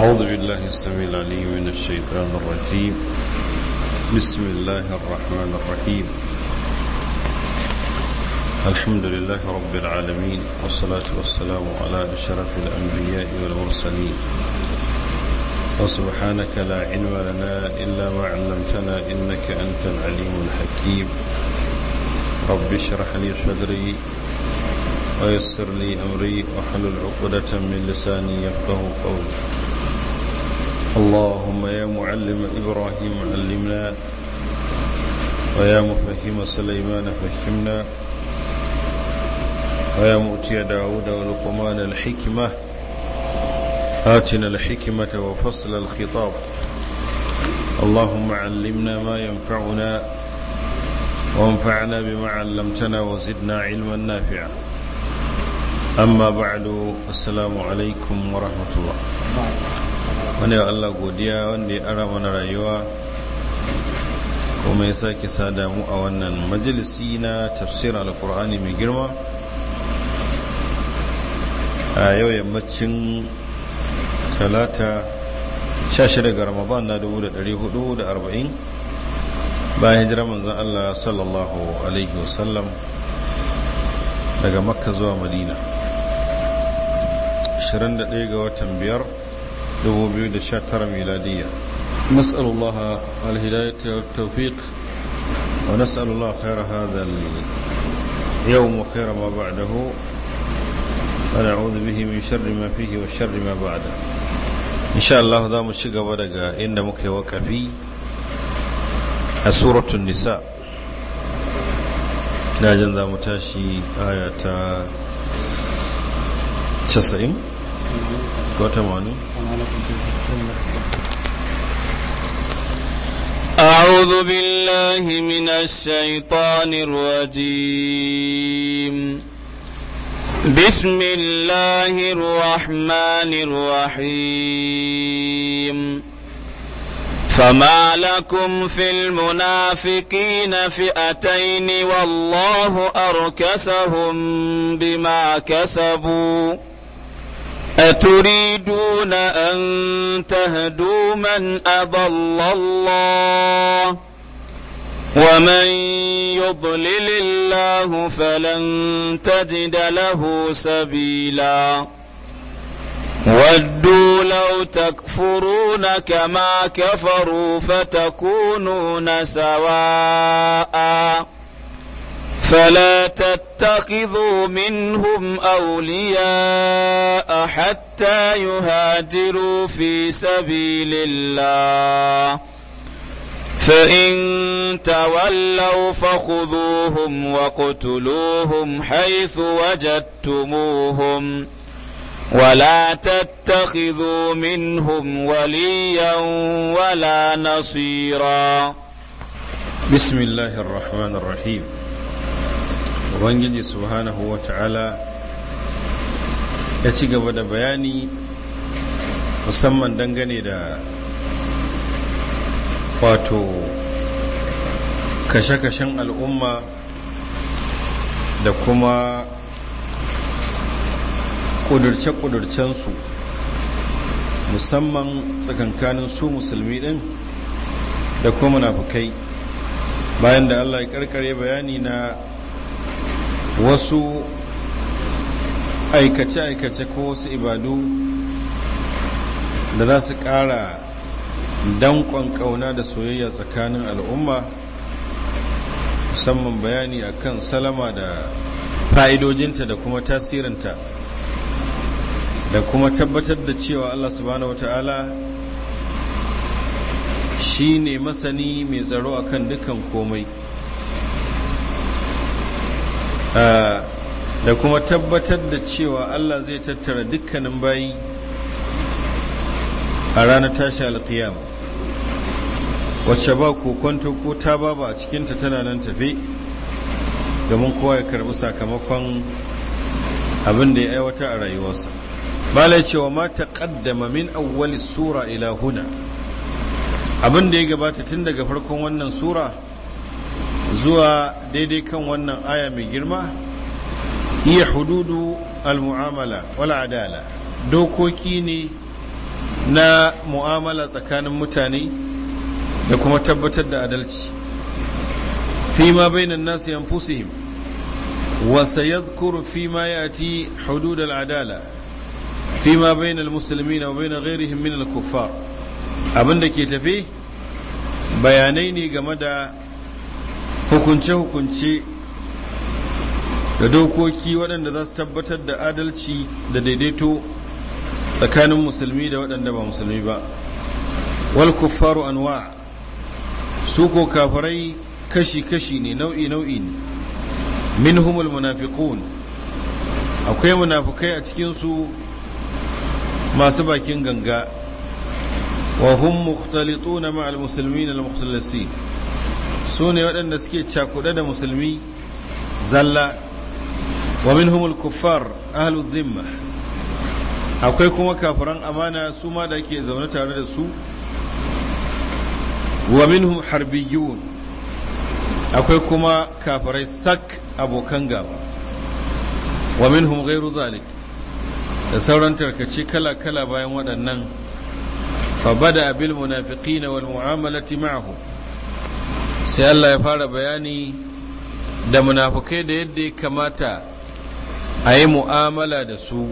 أعوذ بالله السميع العليم من الشيطان الرجيم بسم الله الرحمن الرحيم الحمد لله رب العالمين والصلاة والسلام على أشرف الأنبياء والمرسلين وسبحانك لا علم لنا إلا ما علمتنا إنك أنت العليم الحكيم رب اشرح لي صدري ويسر لي أمري وحلل عقدة من لساني يفقه قولي اللهم يا معلم إبراهيم علمنا ويا مفهم سليمان فهمنا ويا مؤتي داود ولقمان الحكمة آتنا الحكمة وفصل الخطاب اللهم علمنا ما ينفعنا وانفعنا بما علمتنا وزدنا علما نافعا أما بعد السلام عليكم ورحمة الله wani ya Allah godiya wanda ya ara mana rayuwa kuma ya sake sada mu a wannan majalisi na tafsir al-qur'ani mai girma a yau yammacin talata 16 ga ramadan na 1440 bayan hijira manzon Allah sallallahu alaihi wasallam daga makka zuwa madina 21 ga watan biyar الشاكرة ميلادية نسأل الله الهداية والتوفيق ونسأل الله خير هذا اليوم وخير ما بعده ونعوذ به من شر ما فيه وشر ما بعده إن شاء الله دام الشقة بدقى إن مكي في سورة النساء لا ذا متاشي آية تسعين أعوذ بالله من الشيطان الرجيم بسم الله الرحمن الرحيم فما لكم في المنافقين فئتين والله أركسهم بما كسبوا أتريدون أن تهدوا من أضل الله ومن يضلل الله فلن تجد له سبيلا ودوا لو تكفرون كما كفروا فتكونون سواءً فلا تتخذوا منهم اولياء حتى يهاجروا في سبيل الله فان تولوا فخذوهم وقتلوهم حيث وجدتموهم ولا تتخذوا منهم وليا ولا نصيرا بسم الله الرحمن الرحيم ubangiji subhanahu wa ta'ala ya ci gaba da bayani musamman dangane da wato kashe-kashen al'umma da kuma ƙudurce-ƙudurcensu musamman tsakankanin su musulmi ɗin da kuma munafukai bayan da allah ya karkare bayani na wasu aikace-aikace ko wasu ibadu da za su ƙara danƙon ƙauna da soyayya tsakanin al'umma musamman bayani akan salama da fa'idojinta da kuma tasirinta da kuma tabbatar da cewa Allah subhanahu wata'ala shi ne masani mai tsaro akan dukan komai da kuma tabbatar da cewa Allah zai tattara dukkanin bayi a ranar tashi alkiyama wacce ba kokonto ko ta ba ba a cikinta tana nan tafe domin kowa ya karbi sakamakon abin da ya aiwata a rayuwarsa malai cewa ma ta kaddama min awwali sura ila huna abin da ya gabata tun daga farkon wannan sura zuwa daidai kan wannan aya mai girma iya hududu al-mu'amala wala adala dokoki ne na mu'amala tsakanin mutane da kuma tabbatar da adalci fima bainan nasu yanfusihim wa sayadhkuru fima ti hudud al-adala fima bainal musulmi na bain ghairihim min al-kuffar abinda ke tafi bayanai ne game da hukunce-hukunce da dokoki waɗanda za su tabbatar da adalci da daidaito tsakanin musulmi da waɗanda ba musulmi ba wal kuffaru anwa su ko kafirai kashi-kashi ne nau'i-nau'i ne minhumul munafiqun akwai munafukai a cikinsu masu bakin ganga wa hum mukhtalituna ma'al muslimin al-mukhtalisin su ne waɗanda suke cakuɗe da musulmi zalla wa minhumul kuffar ahlu zimma akwai kuma kafiran amana su ma da ke zaune tare da su wa minhum harbiyun akwai kuma kafirai sak abokan gaba wa minhum ghairu zalik da sauran tarkace kala-kala bayan waɗannan fa bada bil munafiqina wal mu'amalati ma'ahum sai Allah ya fara bayani da munafukai da yadda ya kamata a yi mu'amala da su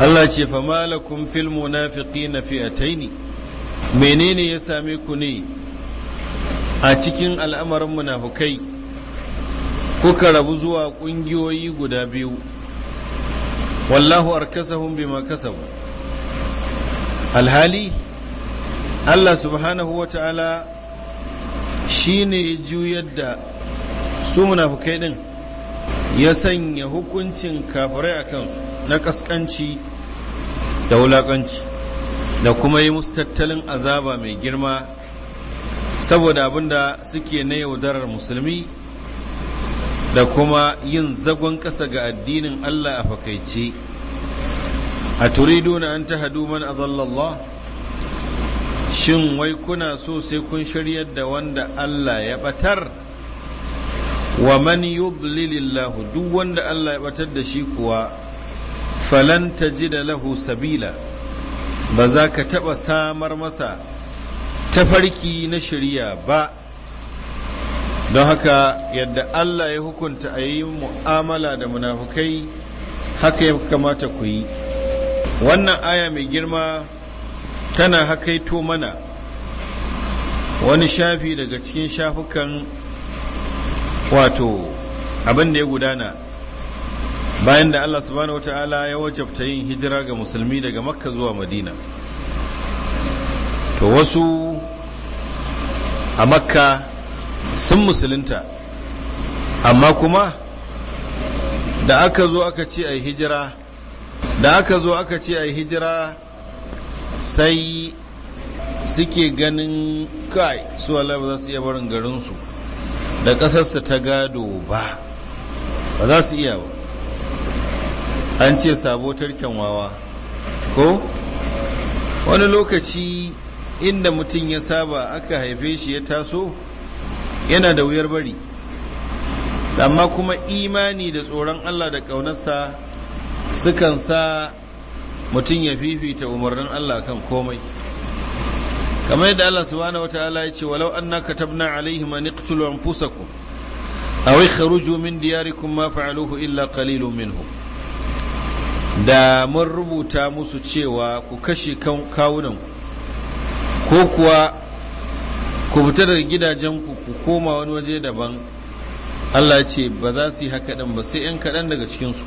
Allah ce fa malakum fil munafiqina fi'ataini menene ya same ku ne a cikin al'amarin munafukai kuka rabu zuwa ƙungiyoyi guda biyu wallahu arkasahum bima kasabu alhali Allah subhanahu wa ta'ala shi ne juyar da su munafukai din ya sanya hukuncin kafirai a kansu na kaskanci da wulakanci da kuma yi musu tattalin azaba mai girma saboda abinda suke na yaudarar musulmi da kuma yin zagon ƙasa ga addinin allah a fakaice a na an ta hadu man azallallah shin wai kuna so sai kun shiryar da wanda Allah ya batar wa man yudlilillahu duk wanda Allah ya batar da shi kuwa falan da lahu sabila ba za ka taɓa samar masa tafarki na shirya ba don haka yadda Allah ya hukunta a yi mu'amala da munafukai haka ya kamata ku yi wannan aya mai girma tana hakaito mana wani shafi daga cikin shafukan wato abin da ya gudana bayan da Allah subhanahu wa ta'ala ya wajabta yin hijira ga musulmi daga makka zuwa madina to wasu a makka sun musulunta amma kuma da aka zo aka ce a hijira da aka zo aka ce a hijira sai suke ganin kai su Allah ba za su iya barin garinsu da ƙasarsu ta gado ba ba za su iya ba an ce sabo tarken wawa ko wani lokaci inda mutum ya saba aka haife shi ya taso yana da wuyar bari amma kuma imani da tsoron Allah da ƙaunarsa sukan sa mutum ya fifita umarnin Allah kan komai kamar yadda Allah subhanahu wataala ya ce walau anna katabna alaihim an iqtulu anfusakum aw ikhruju min diyarikum ma fa'aluhu illa qalilun minhum da mun rubuta musu cewa ku kashe kawunan ko kuwa ku fita daga gidajenku ku koma wani waje daban Allah ce ba za su yi haka ɗin ba sai 'yan kaɗan daga cikinsu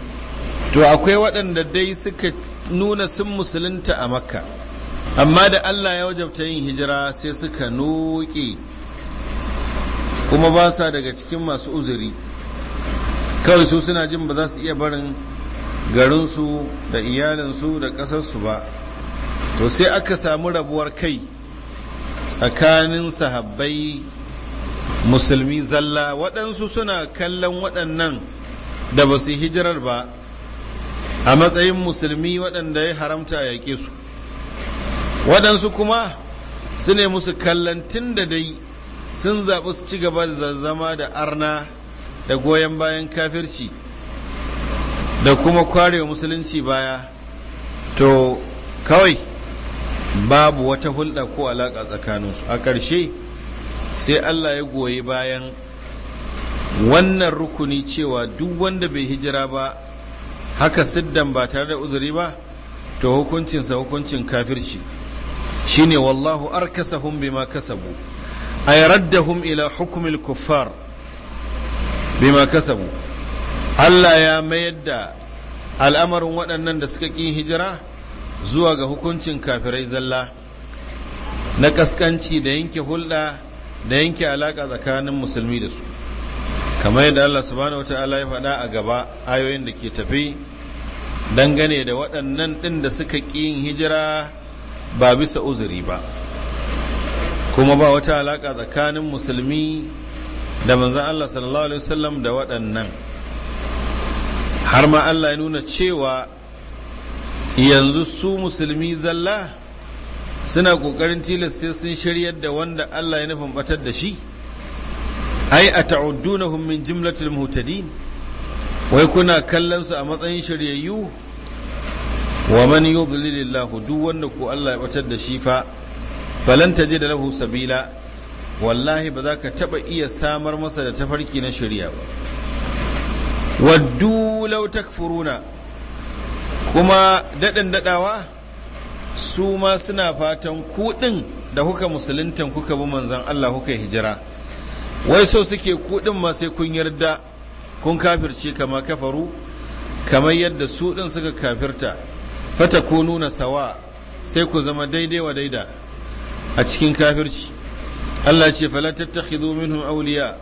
to akwai waɗanda dai suka nuna sun musulunta a makka amma da allah ya wajabta yin hijira sai suka nuke kuma ba sa daga cikin masu uzuri kawai su suna jin ba za su iya barin garinsu da iyalinsu da ƙasarsu ba to sai aka samu rabuwar kai tsakanin sahabbai musulmi zalla waɗansu suna kallon waɗannan da ba su hijirar ba a matsayin musulmi waɗanda ya haramta a yaƙe su waɗansu kuma su ne musu kallantin da dai sun zaɓi su ci gaba da zazzama da arna da goyon bayan kafirci da kuma kwarewa musulunci baya to kawai babu wata hulɗa ko alaƙa tsakaninsu a ƙarshe sai allah ya goyi bayan wannan rukuni cewa duk wanda bai hijira ba haka siddan ba tare da uzuri ba to hukuncinsa hukuncin kafirci shine wallahu arkasahum bima kasabu ay raddahum ila hukmil kuffar bima kasabu Allah ya mayar da al'amarin waɗannan da suka ƙi hijira zuwa ga hukuncin kafirai zalla na ƙasƙanci da yanke hulɗa da yanke alaƙa tsakanin musulmi da su kamar yadda Allah subhanahu ta'ala ya faɗa a gaba ayoyin da ke tafi dangane da waɗannan ɗin da suka ƙi yin hijira ba bisa uzuri ba kuma ba wata alaƙa tsakanin musulmi da manzan Allah sallallahu alaihi wasallam da waɗannan har ma Allah ya nuna cewa yanzu su musulmi zalla suna ƙoƙarin tilas sun shiryar da wanda Allah ya nufin batar da shi ai a ta'uddunahum min jimlatil muhtadin wai kuna kallon su a matsayin shiryayyu wa man yudlilillahu duk wanda ku Allah ya batar da shi fa falan da lahu sabila wallahi ba za ka taba iya samar masa da tafarki na shirya ba waddu law takfuruna kuma daɗin daɗawa su ma suna fatan kuɗin da kuka musuluntan kuka bi manzon Allah kuka hijira wai so suke kuɗin ma sai kun yarda kun kafirci kama kafaru kamar yadda su ɗin suka kafirta fata ko nuna sawa sai ku zama daidai wa daida a cikin kafirci Allah ce fala tattakhidhu minhum awliya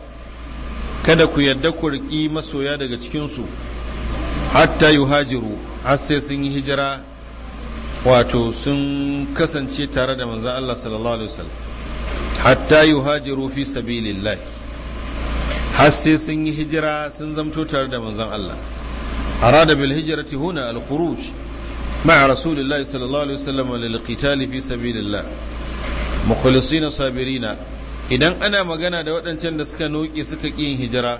kada ku yadda ku riƙi masoya daga cikinsu hatta yuhajiru har sai sun yi hijira wato sun kasance tare da manzan Allah sallallahu alaihi wasallam hatta yuhajiru fi sabilillah har sai sun yi hijira sun zamto tare da manzon Allah arada bil hijrati huna al khuruj ma'a rasulillahi sallallahu alaihi wasallam lil qital fi sabilillah mukhlisina sabirina idan ana magana da waɗancan da suka noki suka ƙi yin hijira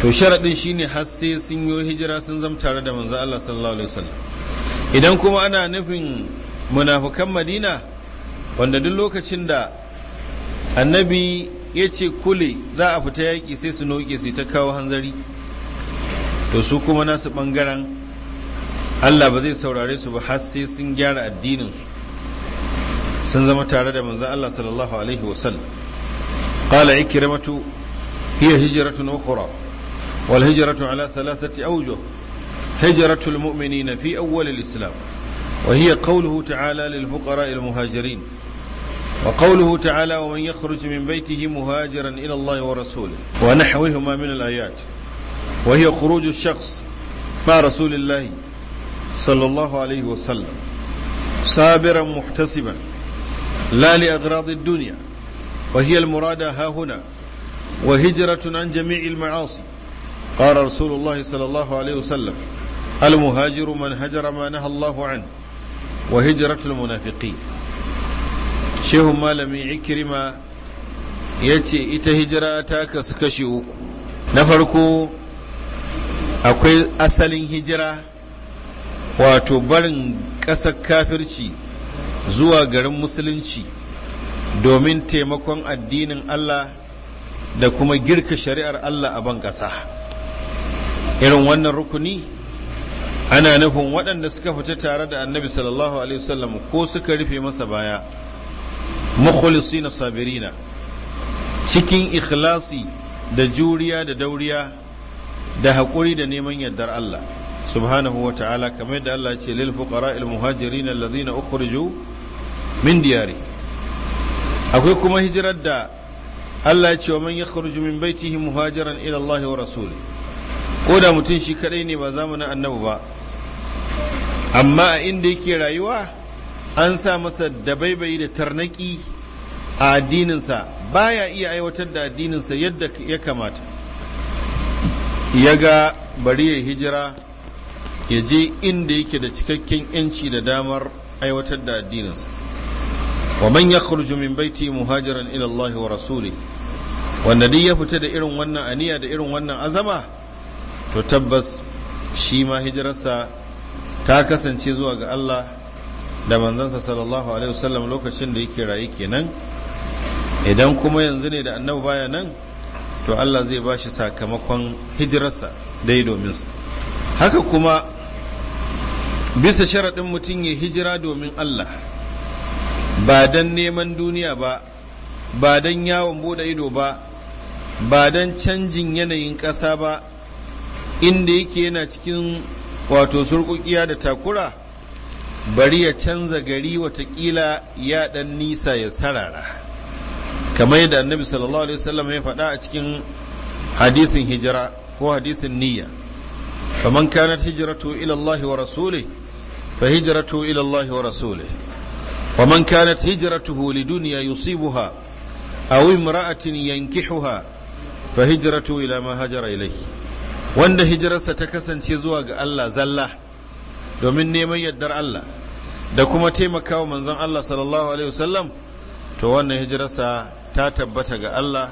to sharaɗin shine har sai sun yi hijira sun zama tare da manzo Allah sallallahu alaihi wasallam idan kuma ana nufin munafukan Madina wanda duk lokacin da annabi ya ce kule za a fita yaƙi sai su noƙe su ta kawo hanzari to su kuma nasu ɓangaren allah ba zai saurare su ba har sai sun gyara addininsu sun zama tare da manzan allah sallallahu alaihi wasallam قال إكرمة هي هجرة أخرى والهجرة على ثلاثة أوجه هجرة المؤمنين في أول الإسلام وهي قوله تعالى للفقراء المهاجرين وقوله تعالى ومن يخرج من بيته مهاجرا إلى الله ورسوله ونحوهما من الآيات وهي خروج الشخص مع رسول الله صلى الله عليه وسلم صابرا محتسبا لا لأغراض الدنيا وهي المرادة ها هنا وهجرة عن جميع المعاصي قال رسول الله صلى الله عليه وسلم المهاجر من هجر ما نهى الله عنه وهجرة المنافقين shehun malami ikirima ya ce ita hijira ta kasu kashi uku na farko akwai asalin hijira wato barin ƙasar kafirci zuwa garin musulunci domin taimakon addinin Allah da kuma girka shari'ar Allah a ban ƙasa irin wannan rukuni ana nufin waɗanda suka fita tare da annabi sallallahu alaihi wasallam ko suka rufe masa baya mukhlisina sabirina cikin ikhlasi da juriya da dauriya da haƙuri da neman yardar Allah subhanahu wa ta'ala kamar da Allah ce lil fuqara al muhajirin allazina ukhriju min diyari akwai kuma hijirar da Allah ce wa man yakhruju min baitihi muhajiran ila Allah wa rasuli ko da mutum shi kadai ne ba zamanin annabi ba amma a inda yake rayuwa an sa masa dabaibayi da tarnaki a addininsa baya iya aiwatar da addininsa yadda ya kamata ya ga bari ya hijira ya je inda yake da cikakken yanci da damar aiwatar da addininsa wa man yakhruju min baiti muhajiran ila Allah wa rasuli wanda duk ya fita da irin wannan aniya da irin wannan azama to tabbas shi ma hijirarsa ta kasance zuwa ga Allah da manzansa sallallahu alaihi wasallam lokacin da yake rayu kenan idan kuma yanzu ne da annabi baya nan to Allah zai ba shi sakamakon hijirarsa dai domin sa haka kuma bisa sharaɗin mutum ya hijira domin Allah ba don neman duniya ba ba don yawon bude ido ba ba don canjin yanayin ƙasa ba inda yake yana cikin wato surƙuƙiya da takura bari ya canza gari watakila ya dan nisa ya sarara kamar yadda annabi sallallahu alaihi wasallam ya faɗa a cikin hadisin hijira ko hadisin niyya faman kanat hijratu ila Allah wa rasulih fa hijratu ila Allah wa rasulih ومن كانت هجرته لدنيا يصيبها أو امرأة ينكحها فهجرته إلى ما هجر إليه wanda hijirarsa ta kasance zuwa ga Allah zalla domin neman yardar Allah da kuma taimakawa manzon Allah sallallahu alaihi wasallam to wannan hijirarsa ta tabbata ga Allah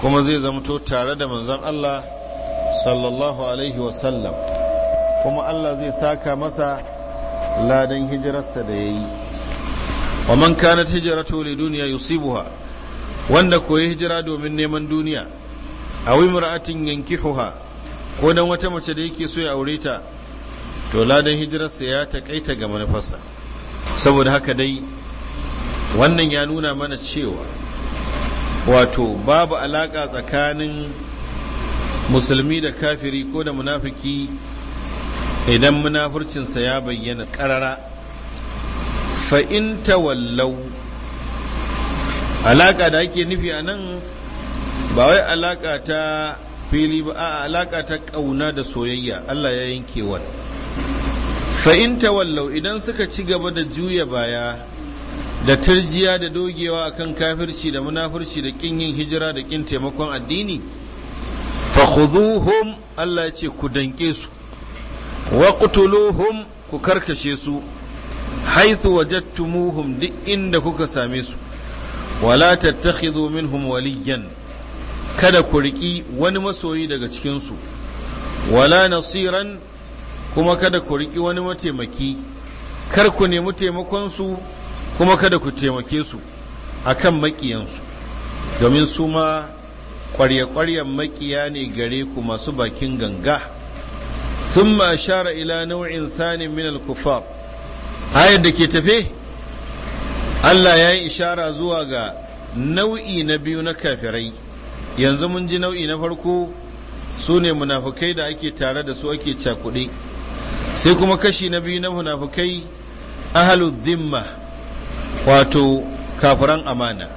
kuma zai zamto tare da manzon Allah sallallahu alaihi wasallam kuma Allah zai saka masa ladan hijirarsa da ya yi wa man kanat hijratu li duniya yusibuha wanda koyi hijira domin neman duniya a wimra'atin yankihuha ko dan wata mace da yake so ya aure ta to ladan hijirarsa ya takaita ga manufarsa saboda haka dai wannan ya nuna mana cewa wato babu alaƙa tsakanin musulmi da kafiri ko da munafiki idan munafurcinsa ya bayyana ƙarara fa'inta wallau alaƙa da ake nufi a nan ba wai alaƙa ta fili ba a alaƙa ta ƙauna da soyayya allah ya yanke wani fa'in tawallau idan suka ci gaba da juya baya da tarjiya da dogewa akan kafirci da munafurci da ƙin yin hijira da ƙin taimakon addini fa khudhuhum Allah ya ce ku danke su wa qutuluhum ku karkashe su haithu wajadtumuhum duk inda kuka same su wala tattakhidhu minhum waliyan kada ku riƙi wani masoyi daga cikinsu. wala nasiran kuma kada ku riƙi wani mataimaki kar ku nemi taimakonsu kuma kada ku taimake su a kan maƙiyansu domin su ma ƙwarya-ƙwaryan maƙiya ne gare ku masu bakin ganga sun ma shara ila nau'in sanin min al-kufar ayar da ke tafe Allah ya yi ishara zuwa ga nau'i na biyu na kafirai yanzu mun ji nau'i na farko su ne munafukai da ake tare da su ake cakuɗe sai kuma kashi na biyu na munafukai ahalu zimma wato kafiran amana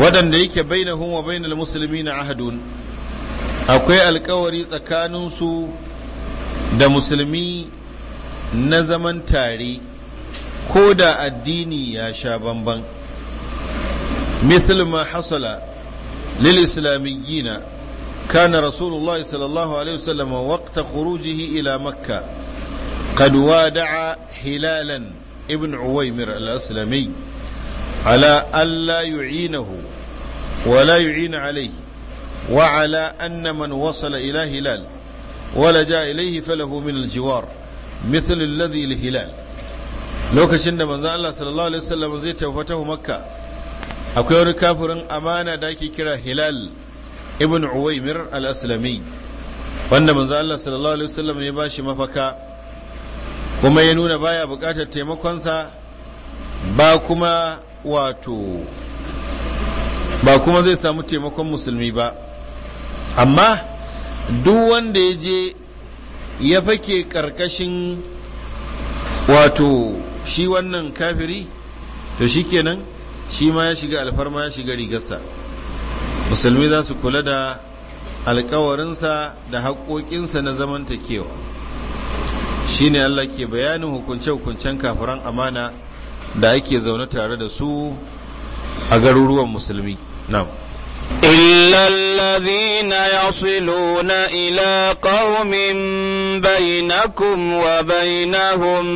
waɗanda yake baina wa bainal musulmi na ahadun akwai alkawari tsakaninsu da musulmi na zaman tare ko da addini ya sha bamban مثل ما lil islamiyyina كان رسول الله صلى الله عليه وسلم وقت خروجه إلى مكة قد وادع هلالا ابن عويمر الأسلمي على ألا يعينه ولا يعين عليه وعلى أن من وصل إلى هلال ولجا إليه فله من الجوار مثل الذي لهلال lokacin da manzo Allah sallallahu alaihi wasallam zai tafi ta Makka akwai wani kafirin amana da ake kira Hilal ibn uwaimir al-aslami wanda manzo Allah sallallahu alaihi wasallam ya bashi mafaka kuma ya nuna baya bukatar taimakonsa ba kuma wato ba kuma zai samu taimakon musulmi ba amma duk wanda ya je ya fake karkashin wato shi wannan kafiri to shikenan shi ma ya shiga alfarma ya shiga rigarsa musulmi za su kula da alkawarinsa da haƙoƙinsa na zamantakewa shi ne allah ke bayanin hukunce-hukuncen kafiran amana da ake zaune tare da su a garuruwan musulmi na'am إلا الذين يصلون إلى قوم بينكم وبينهم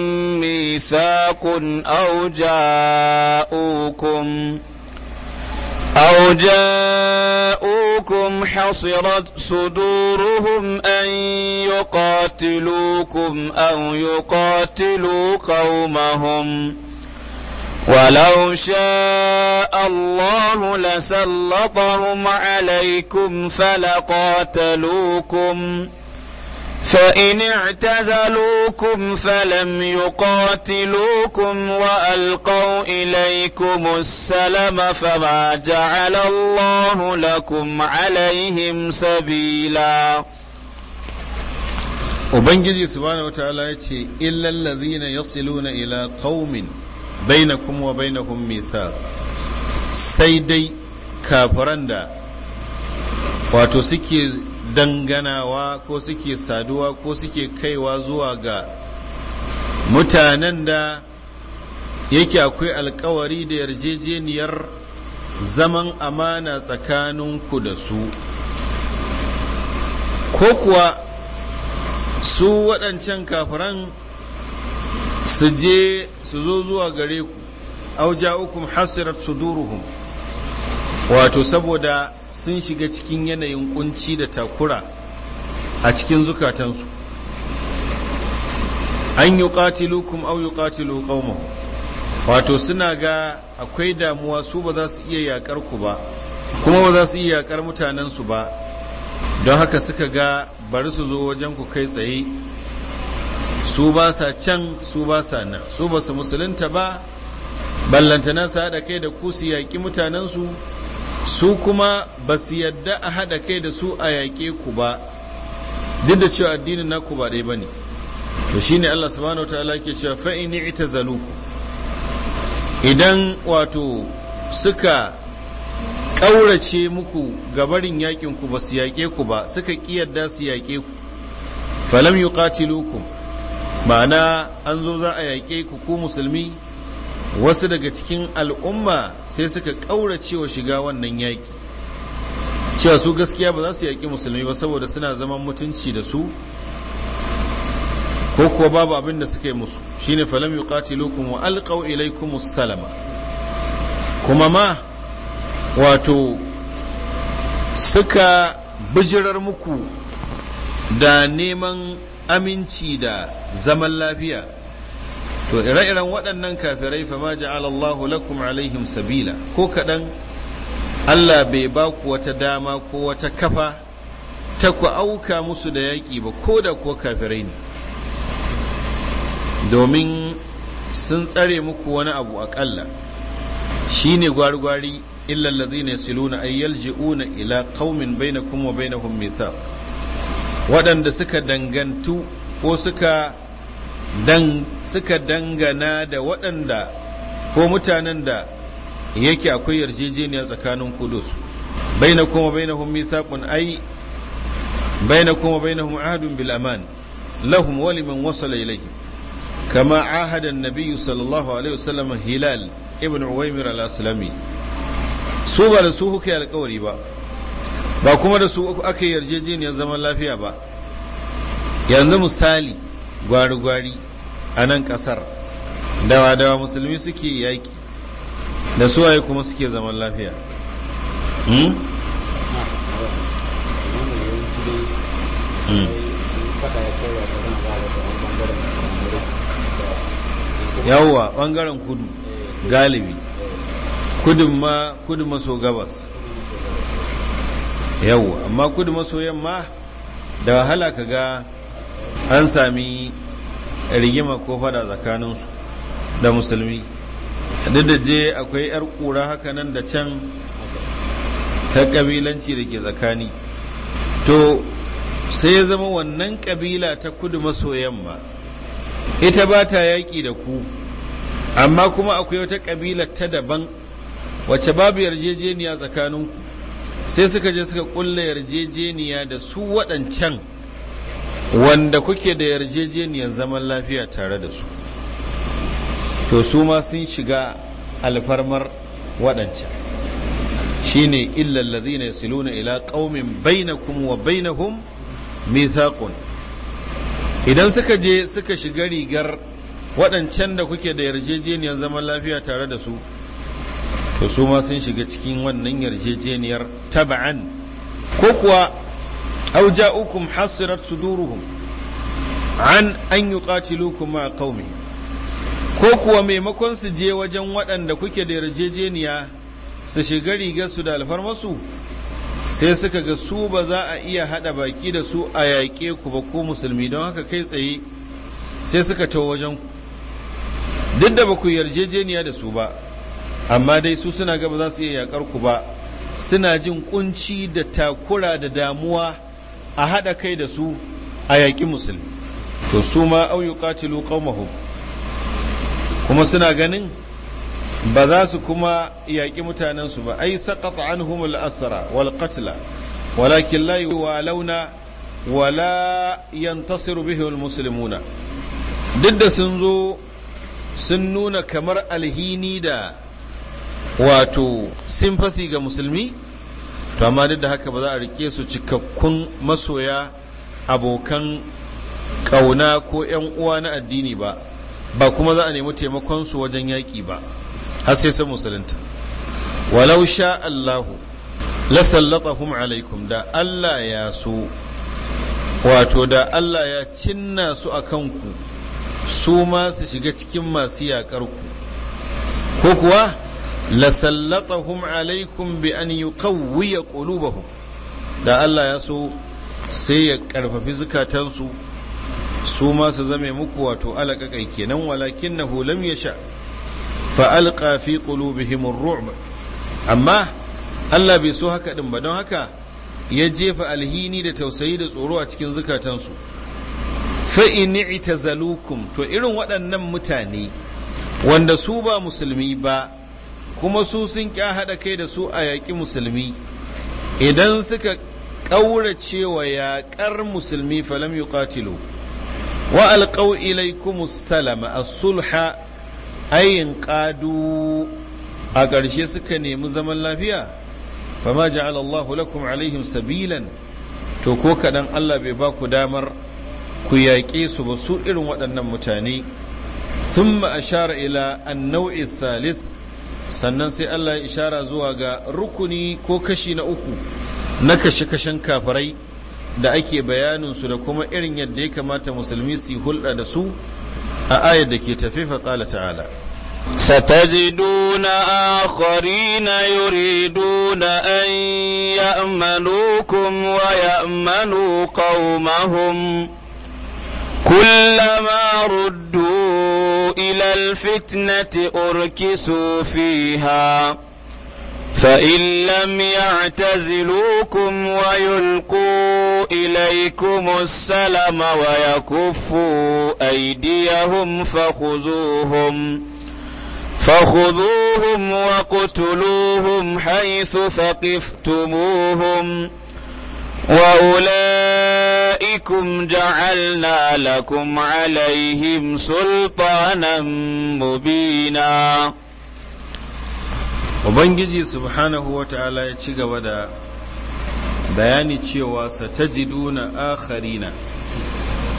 ميثاق أو جاءوكم أو جاءوكم حصرت صدورهم أن يقاتلوكم أو يقاتلوا قومهم ولو شاء الله لسلطهم عليكم فلقاتلوكم ۖ فإن اعتزلوكم فلم يقاتلوكم وألقوا إليكم السلم فما جعل الله لكم عليهم سبيلا Ubangiji subhanahu wataala ya ce, Illan lazina na ila qaumin bainakum wa bainahum mithaq sai dai kafiran da wato suke danganawa ko suke saduwa ko suke kaiwa zuwa ga mutanen da yake akwai alkawari da yarjejeniyar zaman amana tsakaninku da su ko kuwa su waɗancan kafiran su je su zo zuwa gare ku auja ukum hasirat suduruhum wato saboda sun shiga cikin yanayin kunci da takura a cikin zukatansu an yi ƙatilukum au yi ƙatilu kauma. wato suna ga akwai damuwa su ba za su iya yaƙar ku ba kuma ba za su iya yaƙar mutanensu ba don haka suka ga bari su zo wajen ku kai tsaye su ba sa can su ba sa nan su ba su musulunta ba ballantana su haɗa kai da ku su yaƙi mutanensu su kuma ba su yadda a haɗa kai da su a yaƙe ku ba duk da cewa addinin na naku ba ɗaya ba ne to shine Allah subhanahu ta'ala ke cewa fa'ini ita zalu idan wato suka ƙaurace muku gabarin yaƙin ku ba su yaƙe ku ba suka ƙi yadda su yaƙe ku falam yuqatilukum ma'ana an zo za a yaƙe ku ku musulmi wasu daga cikin al'umma sai suka ƙaura cewa shiga wannan yaƙi cewa su gaskiya ba za su yaƙi musulmi ba saboda suna zaman mutunci da su ko kuwa babu abin da suka yi musu shine falam lokun wa alƙau ilaykum salama kuma ma wato suka bijirar muku da neman aminci da zaman lafiya to ire-iren waɗannan kafirai fa ma ja'ala lakum alaihim sabila ko kaɗan Allah bai ba ku wata dama ko wata kafa ta ku auka musu da yaƙi ba ko da ko kafirai ne domin sun tsare muku wani abu aƙalla shi ne gwari-gwari illallazi ne siluna ayyal na ila kaumin bainakum wa bainahum mithaq waɗanda suka dangantu ko suka dan suka dangana da waɗanda ko mutanen da yake akwai yarjejeniya tsakanin kudus baina kuma bainahum mithaqun ai baina kuma hun ahadun bilaman aman lahum wa liman wasala ilayhi kama ahadan nabi sallallahu alaihi wasallam hilal ibn uwaimir al-aslami su ba da su kuka alkawari ba ba kuma da su aka yarjejeniyar zaman lafiya ba yanzu misali gwari-gwari a nan ƙasar dawa-dawa musulmi suke yaƙi da suwaye kuma suke zaman lafiya hmm? Hmm. yawwa ɓangaren kudu galibi ma kudu maso gabas yawwa amma kudu maso yamma da wahala ka ga an sami rigima ko fada tsakaninsu da musulmi duk da je akwai 'yar kura haka nan da can ta kabilanci da ke tsakani to sai ya zama wannan kabila ta kudu maso yamma ita ba ta yaƙi da ku amma kuma akwai wata kabila ta daban wacce babu yarjejeniya tsakaninku sai suka je suka ƙulla yarjejeniya da su waɗancan wanda kuke da yarjejeniyar zaman lafiya tare da su to su ma sun shiga alfarmar waɗancan shine illal ladhina yasiluna ila qaumin bainakum wa bainahum mithaqun idan suka je suka shiga rigar waɗancan da kuke da yarjejeniyar zaman lafiya tare da su to su ma sun shiga cikin wannan yarjejeniyar taba'an ko kuwa hauja ja'ukum hasirat suduruhum an an yuqatilukum ma qaumi ko kuwa maimakon su je wajen waɗanda kuke da yarjejeniya su shiga rigar su da alfarmasu sai suka ga su ba za iya haɗa baki da su a yaƙe ku ba ko musulmi don haka kai tsaye sai suka ta wajen ku duk da ba yarjejeniya da su ba amma dai su suna ga ba za su iya yaƙar ku ba suna jin ƙunci da takura da damuwa a haɗa kai da su a yaƙi musulmi to su ma auyu katilu qaumahum kuma suna ganin ba za su kuma yaƙi mutanensu ba ai saqata anhum al-asra wal qatla walakin la yuwalawna wala yantasiru bihi al-muslimuna duk da sun zo sun nuna kamar alhini da wato sympathy ga musulmi to amma duk da haka ba za a rike su cikakkun masoya abokan ƙauna ko 'yan uwa na addini ba ba kuma za a nemi taimakon su wajen yaƙi ba har sai sun musulunta walau sha Allahu lasallatahum alaikum da Allah ya so wato da Allah ya cinna su a kanku su ma su shiga cikin masu yaƙar ku ko kuwa lasallatahum alaikum bi an yuqawwiya qulubahum da Allah ya so sai ya karfafi zukatansu su ma zame muku wato alaƙaƙai kenan walakin na holam ya sha fa'alƙa fi ƙulubihimun ru'ba amma Allah bai so haka ɗin ba don haka ya jefa alhini da tausayi da tsoro a cikin zukatansu fa'ini ita zalukum to irin waɗannan mutane wanda su ba musulmi ba kuma su sun ƙya haɗa kai da su a yaƙi musulmi idan suka ƙaurace wa yaƙar musulmi falam ƙatilo. wa alqaw ilaykum salama a sulha ayin ƙadu a ƙarshe suka nemi zaman lafiya fama ja'ala Allah lakum alaihim sabilan to ko kaɗan Allah bai ba ku damar ku yaƙe su ba su irin waɗannan mutane ثم أشار إلى النوع الثالث sannan sai Allah ya ishara zuwa ga rukuni ko kashi na uku na kashe-kashen kafirai da ake bayanin su da kuma irin yadda ya kamata musulmi su hulɗa da su a ayar da ke tafi faƙala ta'ala ستجدون آخرين يريدون أن يأمنوكم ويأمنوا قومهم كلما ردوا إلى الفتنة أركسوا فيها فإن لم يعتزلوكم ويلقوا إليكم السلام ويكفوا أيديهم فخذوهم فخذوهم وقتلوهم حيث ثقفتموهم ۖ وأولئكم جعلنا لكم عليهم سلطانا مبينا Ubangiji subhanahu wa ta'ala ya ci gaba da bayani cewa satajiduna akharina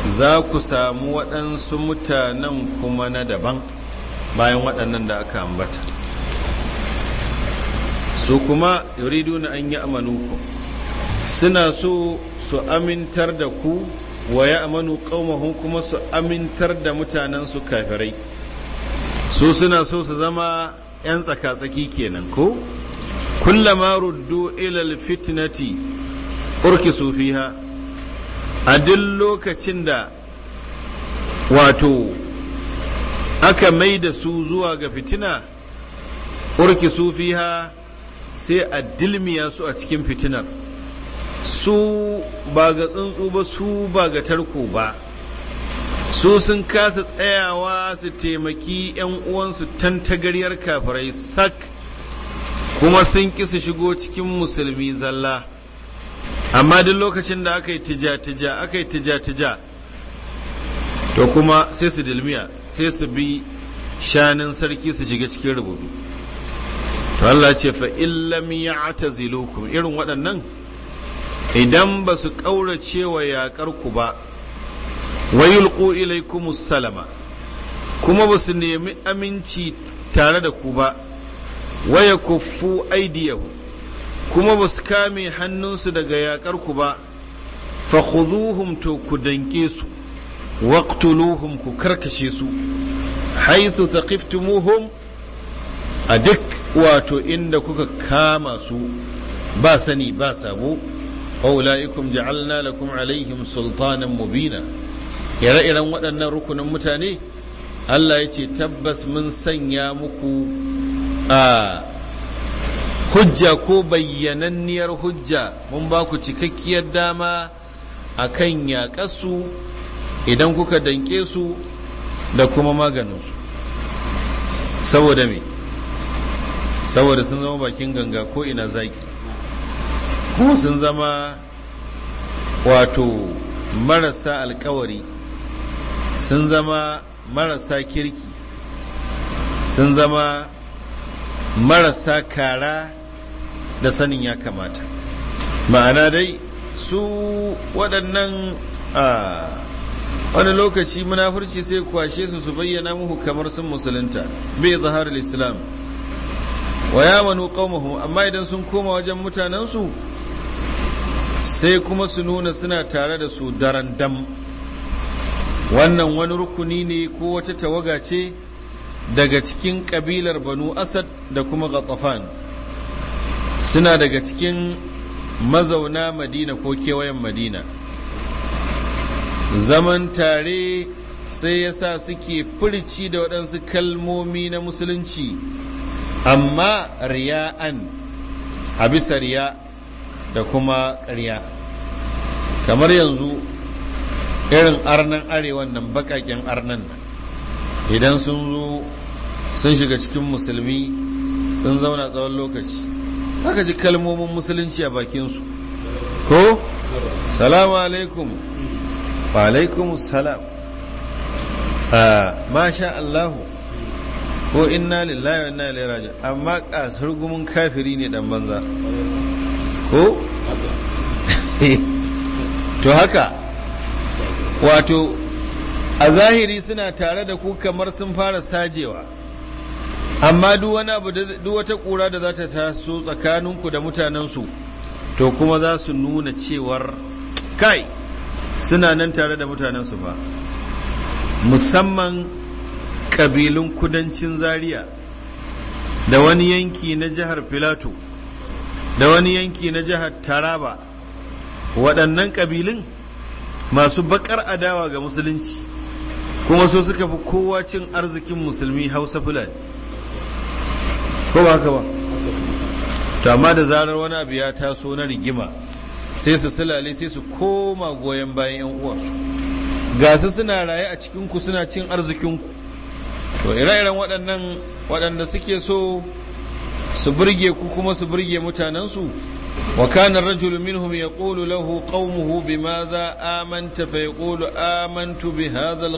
za ku samu waɗansu mutanen kuma na daban bayan waɗannan da aka ambata su kuma yuriduna an yi amanukum suna so su amintar da ku wa ya amanu qaumahum kuma su amintar da mutanen su kafirai su suna so su zama 'yan tsaka-tsaki kenan ko kullama ruddu ilal fitnati urkisu fiha a duk lokacin da wato aka mai da su zuwa ga fitina urkisu fiha sai a dilmiya su a cikin fitinar su ba ga tsuntsu ba su ba ga tarko ba su sun kasa tsayawa su taimaki 'yan uwansu tantagaryar kafirai sak kuma sun ƙi su shigo cikin musulmi zalla amma duk lokacin da aka yi tija-tija aka yi tija-tija to kuma sai su dilmiya sai su bi shanin sarki su shiga cikin rububi to Allah ce fa illam ya'tazilukum irin waɗannan idan ba su ƙaurace wa yaƙar ku ba ilai ilaikum salama kuma ba su nemi aminci tare da ku ba waya kufu aidiyahu kuma ba su kame hannunsu daga yaƙar ku ba fa to ku danke su waqtuluhum ku karkashe su haithu taqiftumuhum a duk wato inda kuka kama su ba sani ba sabo waulaikum ja'alna lakum alaihim sultanan mubina ire-iren waɗannan rukunin mutane. Allah ya ce tabbas mun sanya muku a hujja ko bayyananniyar hujja mun ba ku cikakkiyar dama a kan yaƙasu idan kuka danƙe su da kuma maganinsu saboda me saboda sun zama bakin ganga ko ina zaki sun zama wato marasa alkawari sun zama marasa kirki sun zama marasa kara da sanin ya kamata ma'ana dai su waɗannan a wani lokaci munafurci sai kwashe su su bayyana muku kamar sun musulunta bai zahar islam wa yamanu qaumahum amma idan sun koma wajen mutanensu sai kuma su nuna suna tare da su darandam wannan wani rukuni ne ko wata tawaga ce daga cikin kabilar banu asad da kuma gatafan suna daga cikin mazauna madina ko kewayen madina zaman tare sai ya sa suke furci da waɗansu kalmomi na musulunci amma riya'an a bisa riya' da kuma ƙarya kamar yanzu irin arnan arewan nan bakaƙen arnan nan idan sun zo sun shiga cikin musulmi sun zauna tsawon lokaci aka ji kalmomin musulunci a bakinsu ko salamu alaikum wa alaikum salam ah, masha allahu ko inna lillahi wa inna ilaihi raji amma kasar gumin kafiri ne dan banza ko to haka wato a zahiri suna tare da ku kamar sun fara sajewa amma duk wani wata kura da za ta taso tsakaninku da mutanensu to kuma za su nuna cewar kai suna nan tare da mutanensu ba musamman ƙabilun kudancin zaria da wani yanki na jihar filato da wani yanki na jihar taraba waɗannan ƙabilun masu baƙar adawa ga musulunci kuma so suka fi kowa cin arzikin musulmi hausa fulani ko ba haka ba to amma da zarar wani abu ya taso na rigima sai su silale sai su koma goyon bayan 'yan uwansu ga su suna raye a cikinku suna cin arzikinku to ire-iren waɗannan waɗanda suke so su burge ku kuma su burge mutanensu wa kana rajulu minhum yaqulu lahu qaumuhu bimadha amanta fa yaqulu amantu bi hadha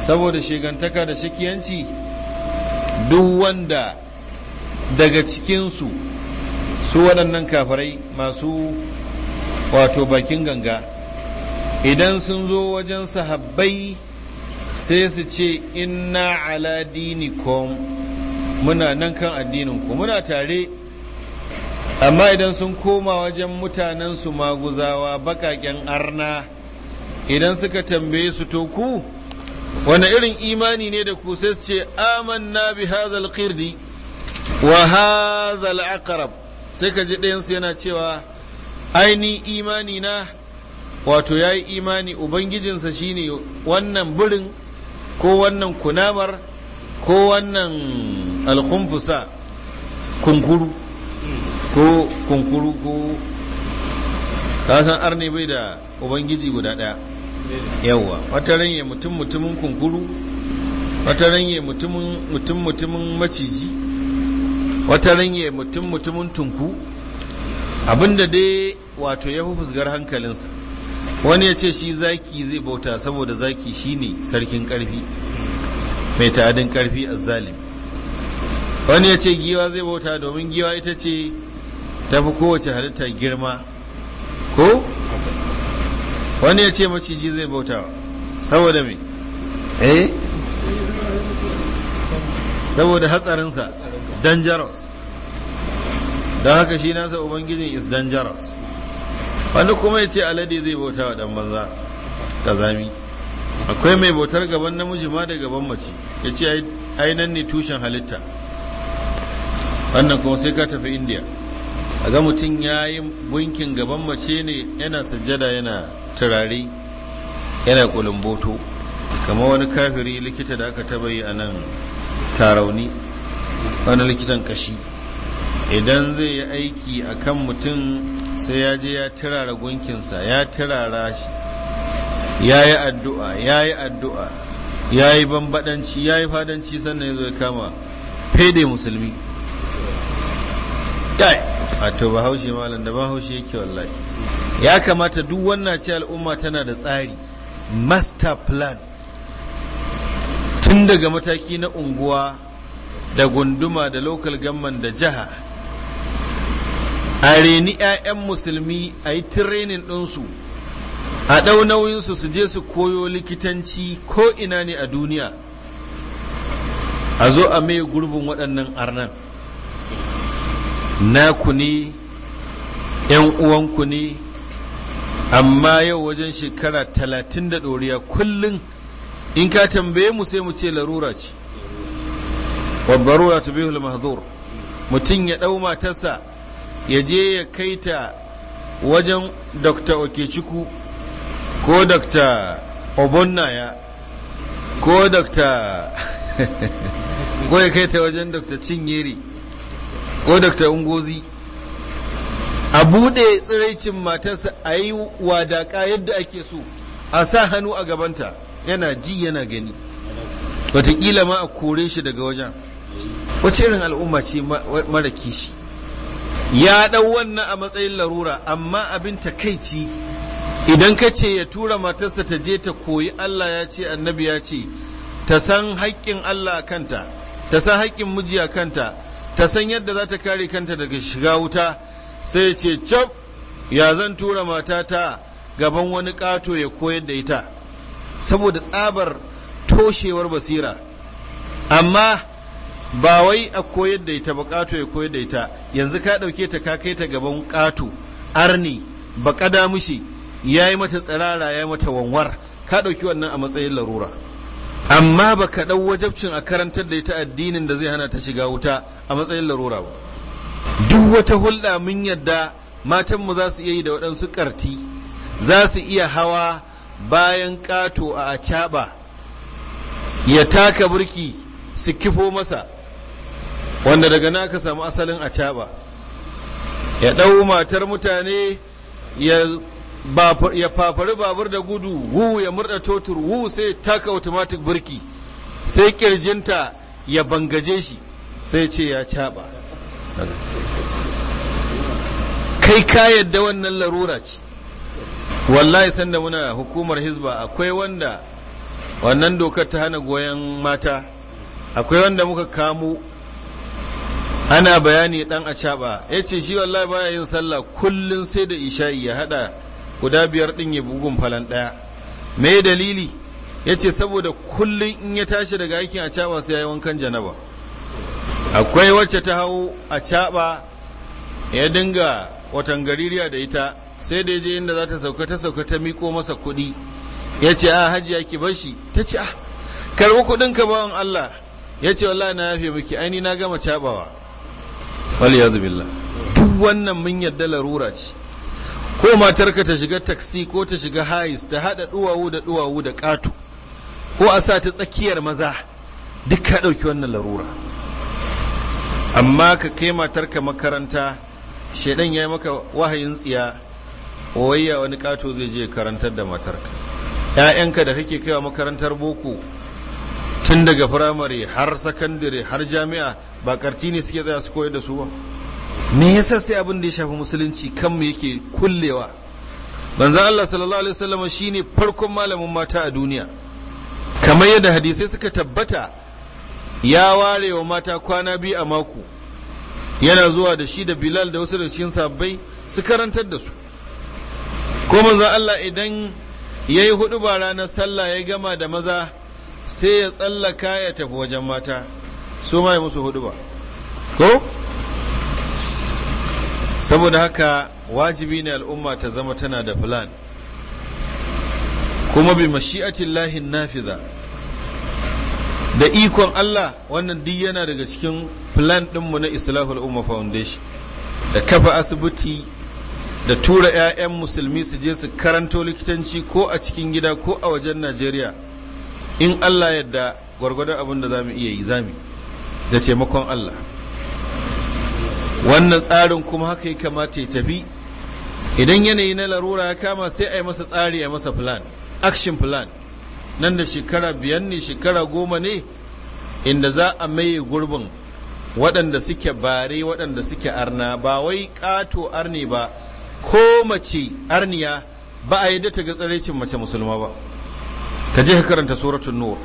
saboda shigantaka da shakiyanci duk wanda daga cikinsu su waɗannan kafarai masu wato bakin ganga idan sun zo wajen sahabbai sai su ce inna ala dinikum muna nan kan addininku muna tare amma idan sun koma wajen mutanensu maguzawa bakaken arna idan suka tambaye su to ku wani irin imani ne da ku sai su ce amanna bi hazal qirdi wa hazal aqrab sai ka ji ɗayansu yana cewa aini imani na wato ya yi imani ubangijinsa shine wannan birin ko wannan kunamar ko wannan alkumfusa kunkuru ko kunkuru ko kasan arne bai da ubangiji guda daya yawwa wata ranye mutum mutumin kunkuru wata ranye mutum mutumin maciji wata ranye mutum mutumin tunku abinda dai wato ya fi fusgar hankalinsa wani ya ce shi zaki zai bauta saboda zaki shine sarkin karfi mai ta'adin karfi a zalim wani ya ce giwa zai bauta domin giwa ita ce ta fi kowace halitta girma ko wani ya ce maciji zai bauta saboda mai eh saboda hatsarinsa dangerous don haka shi nasa ubangijin is dangerous wani kuma ya ce alade zai bauta wa dan banza kazami akwai mai bautar gaban namiji ma da gaban mace ya ce ai ne tushen halitta wannan kuma sai ka tafi india a ga mutum ya yi bunkin gaban mace ne yana sajjada yana turare yana kulumboto kama wani kafiri likita da aka taba yi a nan tarauni wani likitan kashi idan zai yi aiki a kan mutum sai ya je ya turara gunkinsa ya turara shi ya yi addu'a ya yi addu'a ya yi bambadanci ya yi fadanci sannan ya zo ya kama fede musulmi dai a to ba haushe malam da ba haushe yake wallahi ya kamata duk wannan ce al'umma tana da tsari master plan tun daga mataki na unguwa da gunduma da local gamman da jiha a reni 'ya'yan musulmi a yi tirenin ɗinsu a ɗau nauyinsu su je su koyo likitanci ko ina ne a duniya a zo a mai gurbin waɗannan arnan naku ne 'yan uwanku ne amma yau wajen shekara talatin da ɗoriya kullum in ka tambaye mu sai mu ce larura ce wadda ta bihul mahzur mutum ya ɗau matarsa ya je ya kai ta wajen dr okechukwu ko dr obonnaya ko dr ko ya kai ta wajen dr cinyeri ko dr ungozi a buɗe tsiraicin matarsa a yi wadaƙa yadda ake so a sa hannu a gabanta yana ji yana gani wataƙila ma a kore shi daga wajen Wacce irin al'umma ce mara kishi ya ɗau wannan a matsayin larura amma abin ta takaici idan ka ce ya tura matarsa ta je ta koyi Allah ya ce annabi ya ce ta san haƙƙin Allah a kanta ta san haƙƙin miji a kanta ta san yadda za ta kare kanta daga shiga wuta sai ya ce cop ya zan tura matata gaban wani ƙato ya koyar da ita saboda tsabar toshewar basira amma ba wai a koyar da ita ba ƙato ya koyar da ita yanzu ka ɗauke ta ka kai ta gaban ƙato arni ba ƙada mushi ya yi mata tsirara ya mata wanwar ka ɗauki wannan a matsayin larura amma ba ka ɗau wajabcin a karantar da ita addinin da zai hana ta shiga wuta a matsayin larura ba duk wata hulɗa mun yadda matanmu za su iya yi da waɗansu ƙarti za su iya hawa bayan ƙato a acaɓa ya taka burki su kifo masa wanda daga na aka samu asalin a caba ya ɗau matar mutane ya fafari babur da gudu wu ya murda totur wu sai taka automatic burki sai kirjinta ya bangaje shi sai ce ya caba kai ka yadda wannan larura ce wallahi sanda muna hukumar hisba, akwai wanda wannan dokar ta hana goyon mata akwai wanda muka kamo ana bayani dan a caba ya ce shi wallahi baya yin sallah kullun sai da isha'i ya hada guda biyar din ya bugun falan daya me dalili ya ce saboda kullum in ya tashi daga aikin a caba sai ya yi wankan janaba akwai wacce ta hau a caba ya dinga watan gaririya da ita sai da ya je inda za ta sauka ta sauka ta miko masa kuɗi ya ce a ah, hajiya ki bashi ta ce a ah, karɓi kuɗinka bawan allah ya ce wallahi na yafe miki aini na gama cabawa waliyadu billah duk wannan mun yadda larura ce ko matarka ta shiga taksi ko ta shiga hayis ta hada duwawu da duwawu da ƙato ko a sa ta tsakiyar maza duk ka ɗauki wannan larura amma ka kai matarka makaranta shaidan ya maka wahayin tsiya wayya wani kato zai je karantar da matarka ƴaƴanka da kake kaiwa makarantar boko tun daga firamare har sakandare har jami'a ba karti ne suke tsaya su koyar da su ba me yasa sai abin da ya shafi musulunci kan mu yake kullewa banza Allah sallallahu alaihi wasallam shine farkon malamin mata a duniya kamar yadda hadisai suka tabbata ya ware wa mata kwana biyu a mako yana zuwa da shi da Bilal da wasu da cikin sabbai su karantar da su ko manzo Allah idan yayi hudu ba ranar sallah ya gama da maza sai ya tsallaka ya tafi wajen mata su ma yi musu hudu ba ko saboda haka wajibi ne al'umma ta zama tana da plan kuma bi mashi'atin lahin nafiza da ikon Allah wannan duk yana daga cikin plan ɗinmu na islahul umma foundation da kafa asibiti da tura 'ya'yan musulmi su je su karanto likitanci ko a cikin gida ko a wajen najeriya in allah yadda gwargwadon abin da za mu iya yi za mu yi da taimakon Allah wannan tsarin kuma haka ya kamata ya tafi idan yanayi na larura ya kama sai a yi masa tsari a masa plan action plan nan da shekara biyan ne shekara goma ne inda za a maye gurbin waɗanda suke bare waɗanda suke arna ba wai ƙato arni ba ko mace arniya ba a yi ta ga tsaraicin mace musulma ba ka je ka karanta suratun nur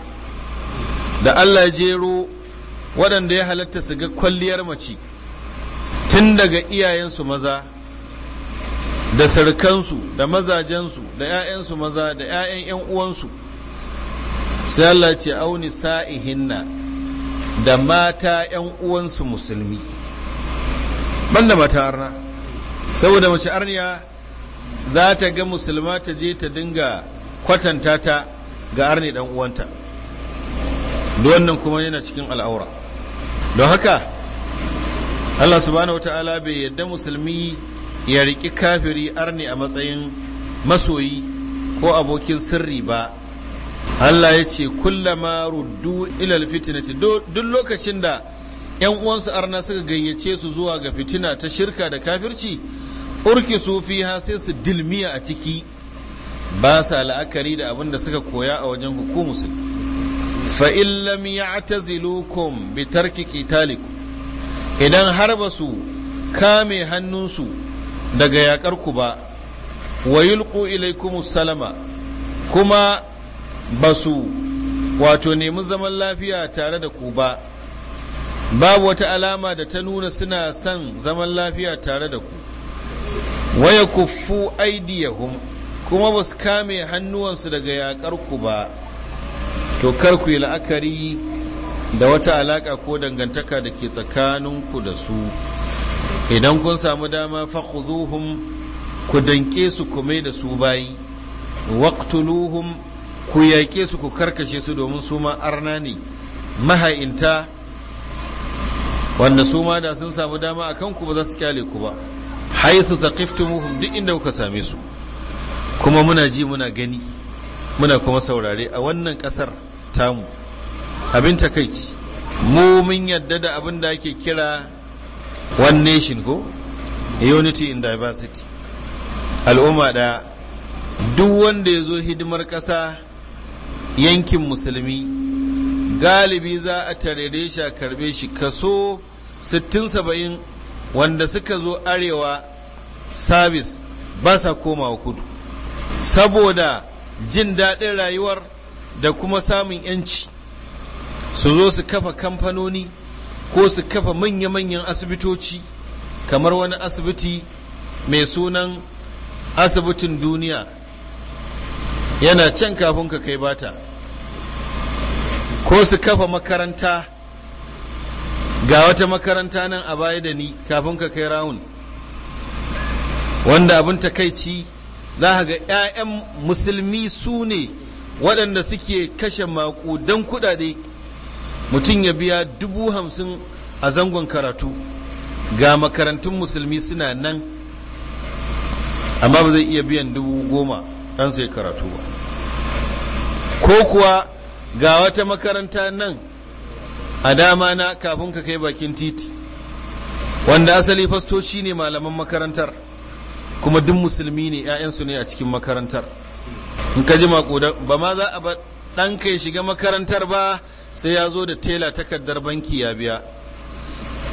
da allah jero waɗanda ya halatta su ga kwalliyar mace tun daga iyayensu maza da sarkansu da mazajensu da 'ya'yansu maza da 'ya'yan 'yan uwansu sai Allah ce auni sa'ihinna da mata 'yan uwansu musulmi banda mata arna saboda mace arniya za ta ga musulma ta je ta dinga kwatanta ta ga arni dan uwanta wannan kuma yana cikin al'aura don haka Allah subhanahu ta'ala bai yadda musulmi ya riƙi kafiri arni a matsayin masoyi ko abokin sirri ba Allah ya ce kullama ruddu ilal fitinati duk lokacin da 'yan uwansu arna suka gayyace su zuwa ga fitina ta shirka da kafirci urki su fiha sai su dilmiya a ciki ba sa la'akari da abin da suka koya a wajen hukumusu fa in lam ya'tazilukum bi tarki qitalikum idan har ba su kame hannunsu daga yaƙarku ba wa yulqu ilaykum salama kuma ba su wato nemi zaman lafiya tare da ku ba babu wata alama da ta nuna suna son zaman lafiya tare da ku waya kuffu aidiyahum kuma ba su kame hannuwansu daga yakar ku ba to kar ku yi la'akari da wata alaka ko dangantaka da ke tsakaninku da su idan kun samu dama fakhuzuhum ku danke su ku mai da su bayi waqtuluhum ku yaƙe su ku karkashe su domin su ma arna ne maha'inta wanda su ma da sun samu dama a kanku ba za su kyale ku ba haithu taqiftumuhum duk inda kuka same su kuma muna ji muna gani muna kuma saurare a wannan ƙasar tamu abin takaici mu mun yadda da abin da ake kira one nation ko unity in diversity al'umma da duk wanda ya zo hidimar ƙasa yankin musulmi galibi za a tarere shi a karbe shi kaso 60-70 wanda suka zo arewa sabis ba sa komawa kudu saboda jin daɗin rayuwar da kuma samun yanci su zo su kafa kamfanoni ko su kafa manya-manyan asibitoci kamar wani asibiti mai sunan asibitin duniya yana can kafin ka kai bata ko su kafa makaranta ga wata makaranta nan a baya da ni kafin ka kai rawun wanda abin takaici za ga 'ya'yan musulmi su ne waɗanda suke kashe maƙudan kuɗaɗe mutum ya biya dubu hamsin a zangon karatu ga makarantun musulmi suna nan amma ba zai iya biyan dubu goma ɗan sai karatu ba ko kuwa ga wata makaranta nan a dama na kafin ka kai bakin titi wanda asali fastoci ne malaman makarantar kuma duk musulmi ne 'ya'yansu ne a cikin makarantar in ka ji makudan ba ma za a ba ɗanka ya shiga makarantar ba sai ya zo da tela takardar banki ya biya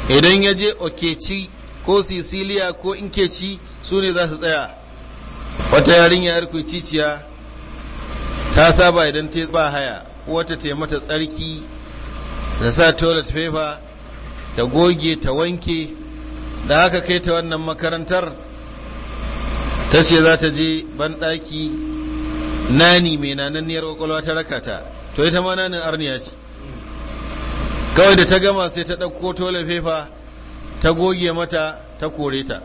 idan ya je okeci ko sicilia ko inkeci su ne za su tsaya wata yarinya yar ciciya ta saba idan ta ba haya wata ta mata tsarki da sa toilet paper ta goge ta wanke da haka kai ta wannan makarantar ta ce za ta je banɗaki nani mai nananniyar kwakwalwa ta raka ta to ita ma nanin arniya ce kawai da ta gama sai ta ɗauko tole fefa ta goge mata ta kore ta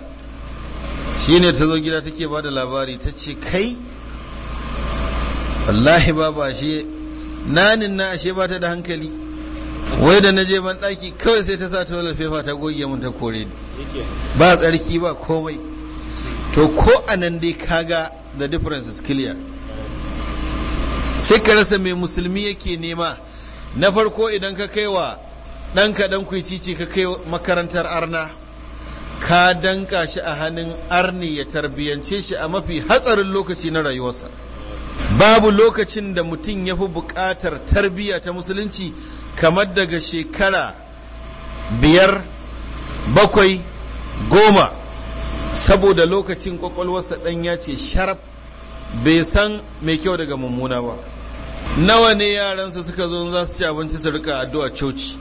Shi ne ta zo gida take ba da labari ta ce kai wallahi ba shi nanin na ashe ba ta da hankali wai da na je ban ɗaki kawai sai ta sa tole fefa ta goge mun ta kore ba tsarki ba komai to ko anan dai kaga the difference is clear sai ka rasa mai musulmi yake nema na farko idan ka kai wa ɗanka ɗan kuicici ka kai makarantar arna ka danka shi a hannun arni ya tarbiyance shi a mafi hatsarin lokaci na rayuwarsa babu lokacin da mutum ya fi buƙatar tarbiyya ta musulunci kamar daga shekara biyar bakwai goma saboda lokacin kwakwalwarsa ɗan ya ce sharaf bai san mai kyau daga mummuna ba nawa ne yaransu suka zo za su ci abinci su rika addu'a coci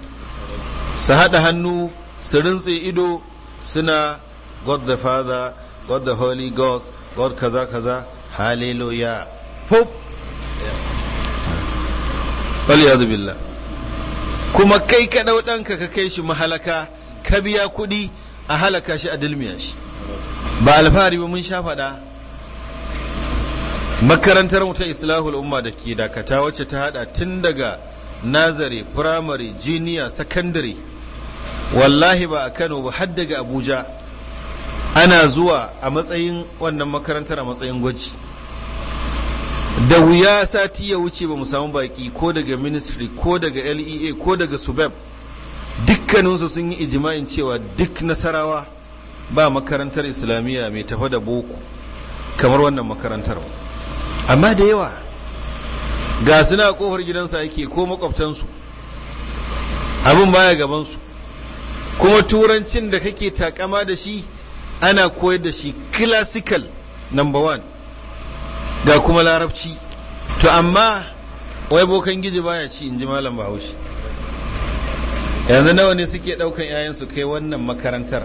su haɗa hannu su rintse ido suna god the father god the holy ghost god kaza kaza hallelujah pop yadu billah kuma kai ka ɗanka ka kai shi mahalaka ka biya kuɗi a halaka shi a dulmiya shi ba alfahari ba mun sha faɗa makarantar ta islahul umma da ke dakata wacce ta hada tun daga nazare firamare jiniya sakandare wallahi ba a kano ba har daga abuja ana zuwa a matsayin wannan makarantar a matsayin gwaji da wuya sati ya wuce ba mu samu baki ko daga ministry ko daga lea ko daga subeb dukkaninsu sun yi ijima'in cewa duk nasarawa ba makarantar islamiyya mai tafa da boko kamar wannan makarantar ba amma da yawa ga suna kofar gidansa yake ko makwabtansu abin baya gabansu kuma turancin da kake takama da shi ana koyar da shi classical number one ga kuma larabci to amma wai bokan giji baya ci in ji malam bahaushe yanzu nawa ne suke daukan 'ya'yansu kai wannan makarantar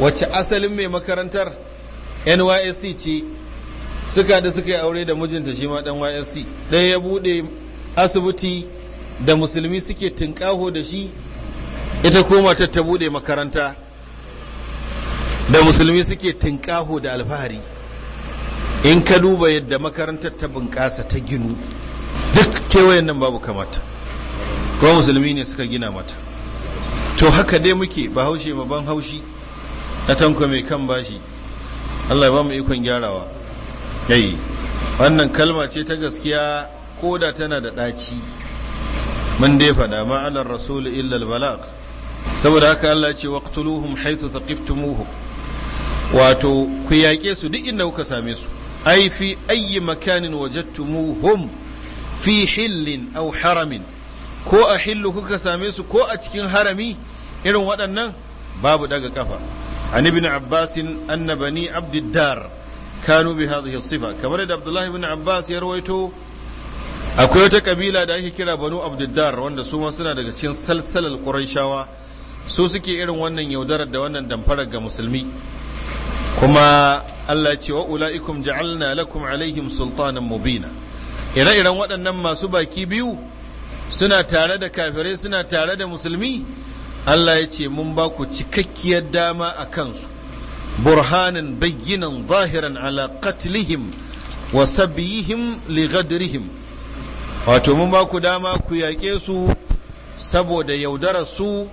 wacce asalin mai makarantar nysc ce suka da suka yi aure da mijinta shi ma dan YSC dan ya bude asibiti da musulmi suke tunƙaho da shi ita koma ta ta bude makaranta da musulmi suke tunƙaho da alfahari in ka duba yadda makarantar ta bunƙasa ta ginu duk kewayen nan babu kamata kuma musulmi ne suka gina mata to haka dai muke ba haushe ma ban haushi na tanko mai kan bashi Allah ya ba mu ikon gyarawa yayi wannan kalma ce ta gaskiya ko da tana da ɗaci mun dai fada ma'alar rasul illa albalag saboda haka Allah ce waqtuluhum haythu thaqiftumuhu wato ku yaƙe su duk inda kuka same su ai fi ayyi makanin wajadtumuhum fi hillin aw haramin ko a hillu kuka same su ko a cikin harami irin waɗannan babu daga kafa an ibn abbasin annabani abdiddar kanu bi hadhihi sifa kamar da Abdullahi bin Abbas ya rawaito akwai wata kabila da ake kira Banu Abdiddar wanda su ma suna daga cikin salsalal Qurayshawa su suke irin wannan yaudarar da wannan damfarar ga musulmi kuma Allah ya ce wa ulaikum ja'alna lakum alaihim sultanan mubina ire-iren waɗannan masu baki biyu suna tare da kafirai suna tare da musulmi Allah ya ce mun ba ku cikakkiyar dama a kansu برهانا بينا ظاهرا على wa وسبيهم لغدرهم wato mun ba ku dama ku yaƙe su saboda yaudara su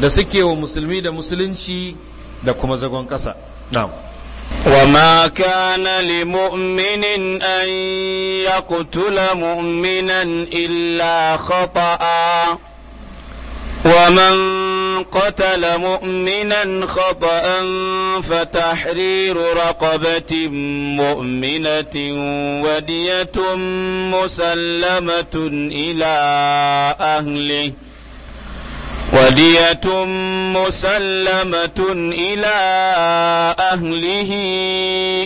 da suke wa musulmi da musulunci da kuma zagon ƙasa na'am wama kana li mu'minin an yaqtula mu'minan illa khata'a قتل مؤمنا خطأ فتحرير رقبة مؤمنة ودية مسلمة إلى أهله ودية مسلمة إلى أهله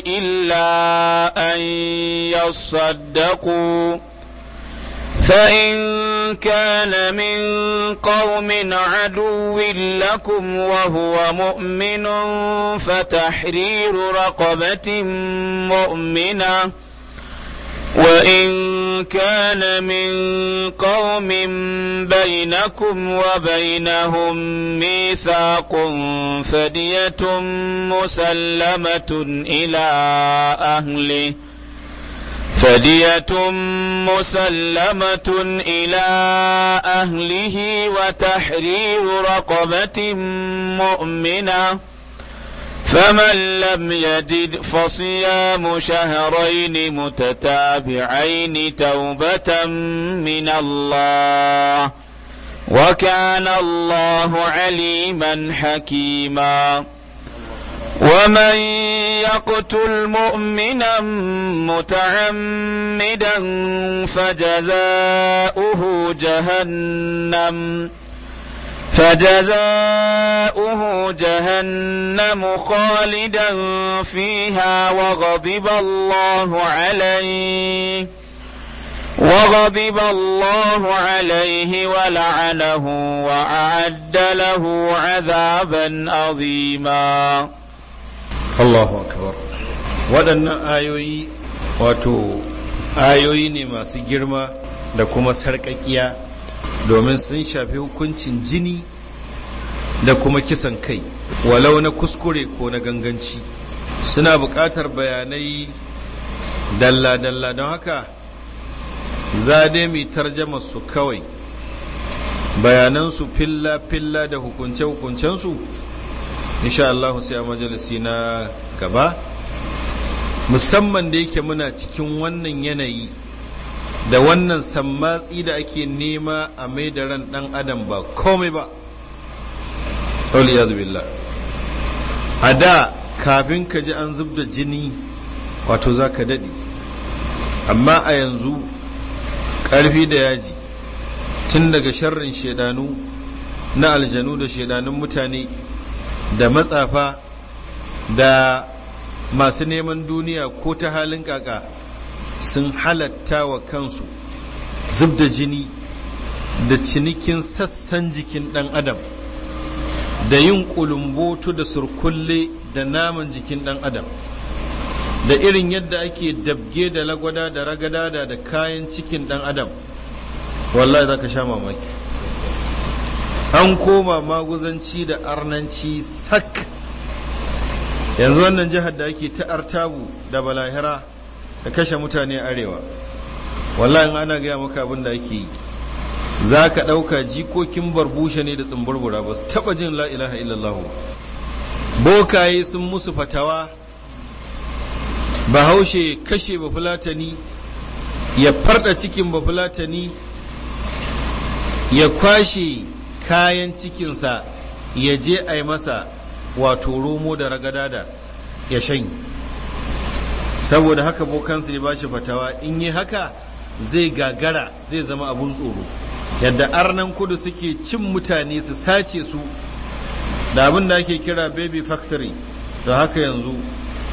إلا أن يصدقوا فإن كان من قوم عدو لكم وهو مؤمن فتحرير رقبة مؤمنة وإن كان من قوم بينكم وبينهم ميثاق فدية مسلمة إلى أهله ۖ فدية مسلمة إلى أهله وتحرير رقبة مؤمنة فمن لم يجد فصيام شهرين متتابعين توبة من الله وكان الله عليما حكيما ومن يقتل مؤمنا متعمدا فجزاؤه جهنم فجزاؤه جهنم خالدا فيها وغضب الله عليه وغضب الله عليه ولعنه واعد له عذابا عظيما Allahu akbar waɗannan ayoyi wato ayoyi ne masu girma da kuma sarƙaƙiya domin sun shafi hukuncin jini da kuma kisan kai walau na kuskure ko na ganganci suna buƙatar bayanai dalla-dalla don haka za dai mai tarjama su kawai bayanansu filla-filla da hukunce-hukuncensu insha sai a majalisi na gaba musamman da yake muna cikin wannan yanayi da wannan sammatsi da ake nema a mai da ran dan adam ba komai ba a da kafin ka ji an zub da jini wato za ka daɗe amma a yanzu ƙarfi da yaji tun daga sharrin shaidanu na aljanu da shaidanun mutane da matsafa da masu neman duniya ko ta halin kaka sun halatta wa kansu zub da jini da cinikin sassan jikin ɗan adam da yin kulumbotu da surkulle da naman jikin ɗan adam da irin yadda ake dabge da lagwada da ragada da kayan cikin ɗan adam wallahi za ka sha mamaki an koma maguzanci da arnanci sak yanzu wannan jihar da ake ta artabu da balahira da kashe mutane arewa wallahi ana gaya maka abin da ake yi za ka ɗauka jikokin barbushe ne da tsumburbura ba su taɓa jin la ilaha illallah bokaye sun musu fatawa bahaushe kashe bafulatani ya farda cikin bafulatani ya kwashe kayan cikinsa ya je a yi masa wato romo da ragada da ya shan saboda haka bokansa ya bashi fatawa in yi haka zai gagara zai zama abun tsoro yadda arnan kudu suke cin mutane su sace su da abin da ake kira baby factory da haka yanzu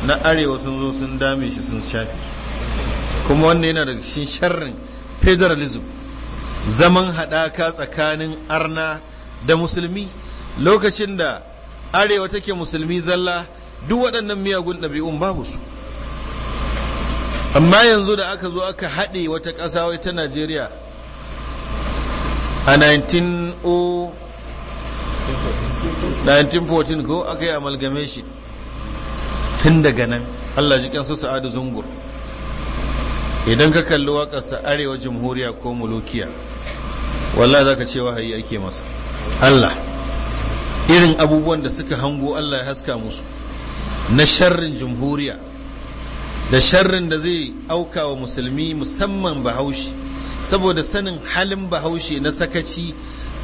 na arewa sun zo sun dame shi sun shafe su kuma wannan yana da shin sharrin federalism zaman haɗaka tsakanin arna da musulmi lokacin da arewa take musulmi zalla duk waɗannan miyagun ɗabi'un babu su amma yanzu da aka zo aka haɗe wata ƙasa wai ta najeriya a 1914 ko aka yi amalgame shi tun daga nan allah jikin su sa'adu zungur idan ka kalli waƙarsa arewa jamhuriya ko mulukiya wallahi zaka ce wahayi ake masa Allah irin abubuwan da suka hango Allah ya haska musu na sharrin jumhuriya da sharrin da zai auka wa musulmi musamman bahaushe saboda sanin halin bahaushe na sakaci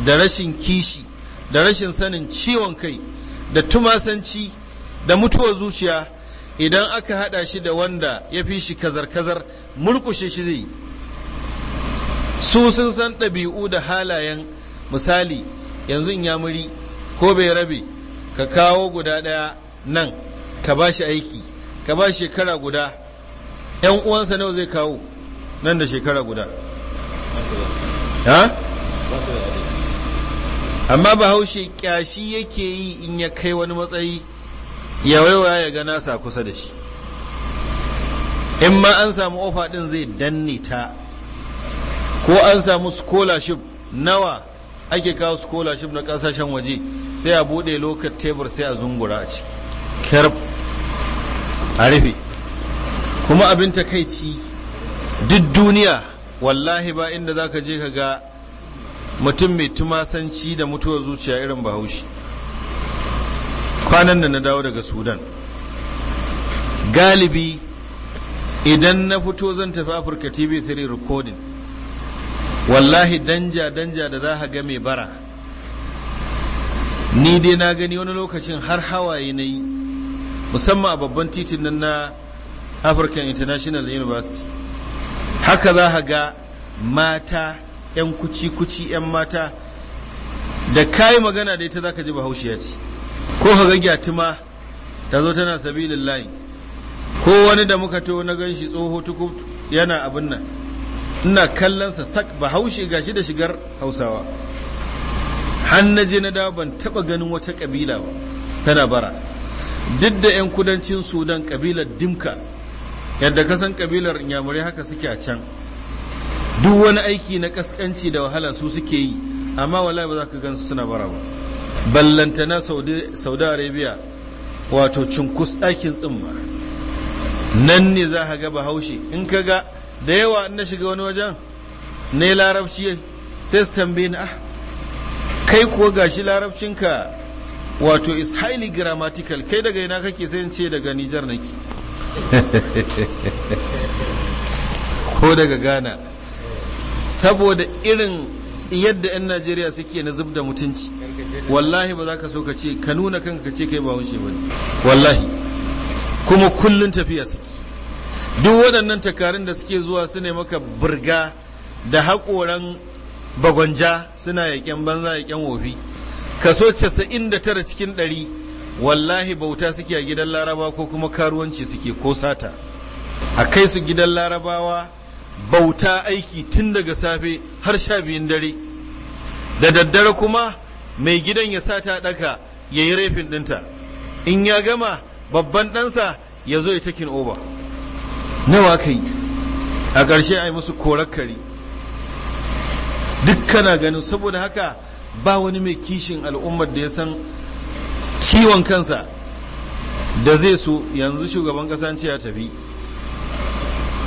da rashin kishi da rashin sanin ciwon kai da tumasanci da mutuwar zuciya idan aka hada shi da wanda ya fi shi kazar-kazar murkushe shi zai yi su sun san ɗabi'u da halayen misali yanzu in muri ko bai rabe ka kawo guda ɗaya nan ka ba shi aiki ka ba shi shekara guda yan uwansa nawa zai kawo nan da shekara guda amma bahaushe kyashi yake yi in ya kai wani matsayi ya waiwaya ya ga nasa kusa da shi in ma an samu ofa ɗin zai danne ta ko an samu scholarship nawa ake kawo scholarship na kasashen waje sai a bude lokar tebur sai a zungura a ciki kyar a rufe kuma abin takaici duk duniya wallahi ba inda za ka je ka ga mutum mai tumasanci da mutuwar zuciya irin bahaushe kwanan da na dawo daga sudan galibi idan na fito zan tafi afirka tv 3 recording wallahi danja danja da za ga mai bara ni dai na gani wani lokacin har hawaye na yi musamman a babban titin nan na african international university haka za ga mata 'yan kuci-kuci 'yan mata da kayi magana da ita zaka ji bahaushiya ce ko ka ga gyatuma ta zo tana sabilin layi ko wani da muka to na gan shi tsoho tukub yana abin nan ina kallonsa sak bahaushe ga shi da shigar hausawa hannaje na dawo ban taba ganin wata kabila ba tana bara duk da 'yan kudancin sudan kabilar dimka yadda ka san kabilar inyamurai haka suke a can duk wani aiki na kaskanci da wahala su suke yi amma wala ba za ka gansu suna bara ba ballantana saudi arabia wato cunkus ɗakin tsimma nan ne za ka ga bahaushe in ka ga da yawa in na shiga wani wajen ne larabci sai su tambaye ni ah kai kuwa gashi larabcinka wato is highly grammatical kai daga ina kake sai in ce daga Nijar nake ko daga Ghana saboda irin tsiyar da 'yan Najeriya suke na zub da mutunci wallahi ba za ka so ka ce ka nuna kanka ka ce kai ba wuce ba wallahi kuma kullun tafiya suke duk waɗannan takarun da suke zuwa su ne maka burga da haƙoran bagonja suna yaƙen banza yaƙen wofi kaso 99 cikin 100 wallahi bauta suke a gidan laraba ko kuma karuwanci suke ko sata a kai su gidan larabawa bauta aiki tun daga safe har sha biyun dare da daddare kuma mai gidan ya sata ɗaka ya yi ɗinta in ya gama babban ɗansa ya zo ya takin Oba. nawa ka yi a ƙarshe a yi musu korakari duk kana ganin saboda haka ba wani mai kishin al'ummar da ya san ciwon kansa da zai so yanzu shugaban ƙasance ya tafi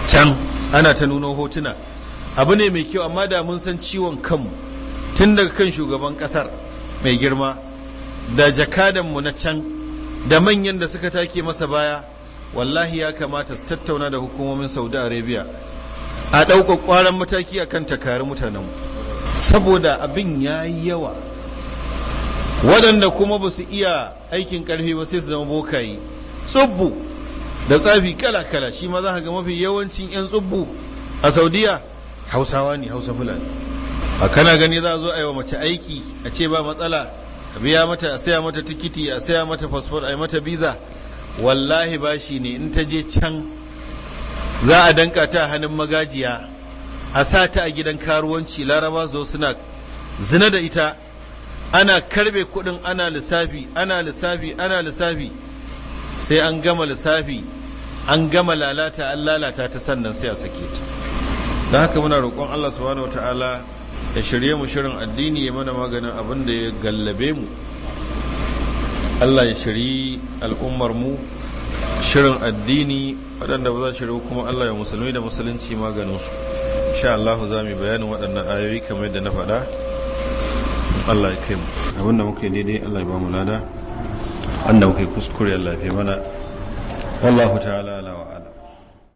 can ana ta nuna hotuna abu ne mai kyau amma da mun san ciwon kanmu tun daga kan shugaban ƙasar mai girma da jakadanmu na can da manyan da suka take masa baya wallahi ya kamata su tattauna da hukumomin saudi arabia a ɗauka ƙwaron mataki a akan takari mutanenmu saboda abin ya yi yawa waɗanda kuma ba su iya aikin ƙarfi ba sai su zama bokayi tsubbu da tsafi kala-kala shi ma za ga mafi yawancin 'yan tsubbu a saudiya hausawa ne hausa fulani a kana gani za a zo a yi wa mace aiki a ce ba matsala a biya mata a saya mata tikiti a saya mata fasfor a yi mata biza wallahi ba shi ne in ta je can za a danka ta hannun magajiya a sa ta a gidan karuwanci laraba zo suna zina da ita ana karbe kudin ana lissafi ana lissafi ana lissafi sai an gama lissafi an gama lalata an lalata ta sannan sai a sake ta da haka muna roƙon allah subhanahu wa ta'ala ya shirye mu shirin addini ya mana maganin abin da ya gallabe mu Allah ya shiri al'ummar mu shirin addini waɗanda ba za shiri kuma Allah ya musulmi da musulunci maganinsu sha Allah za mu bayanin waɗannan ayoyi kamar yadda na faɗa Allah ya kai mu abinda muka muke daidai Allah ya ba mu lada muka muke kuskure Allah ya fi mana wallahu ta'ala ala wa'ala